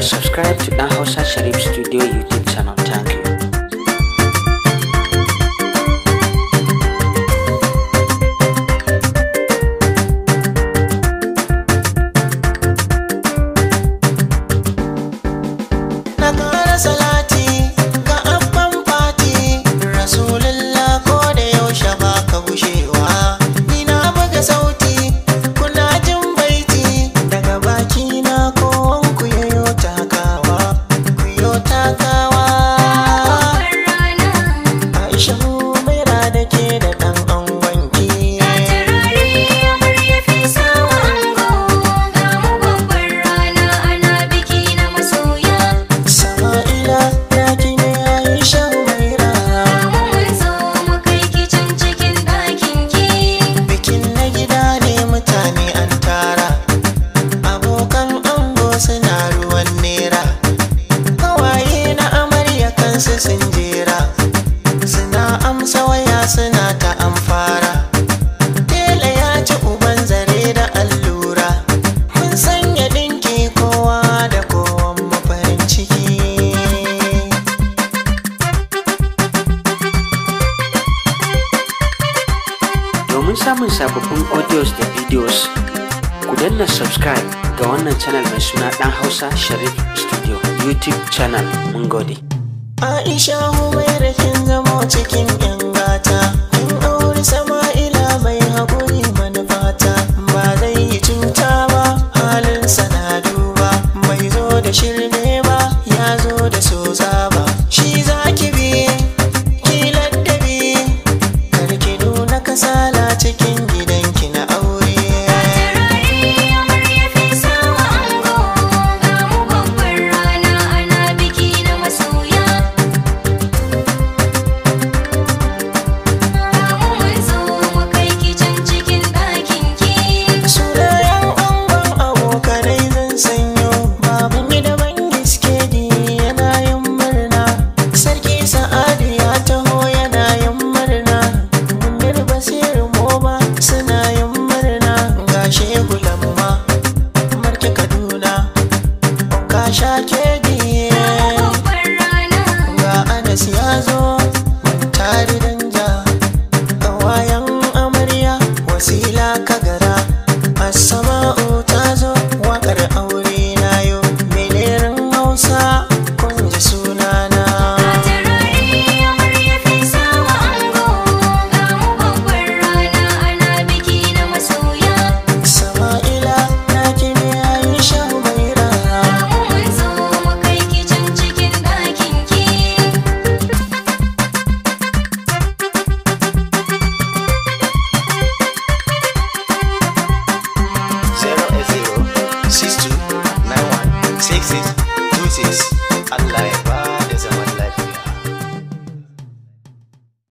subscribe to Nahosa Sharif's domin samun sababbin audios da videos ku danna subscribe ga wannan channel mai suna dan hausa sharif studio youtube channel mun gode aisha humaira kin zama cikin yan gata kun aure sama ka zo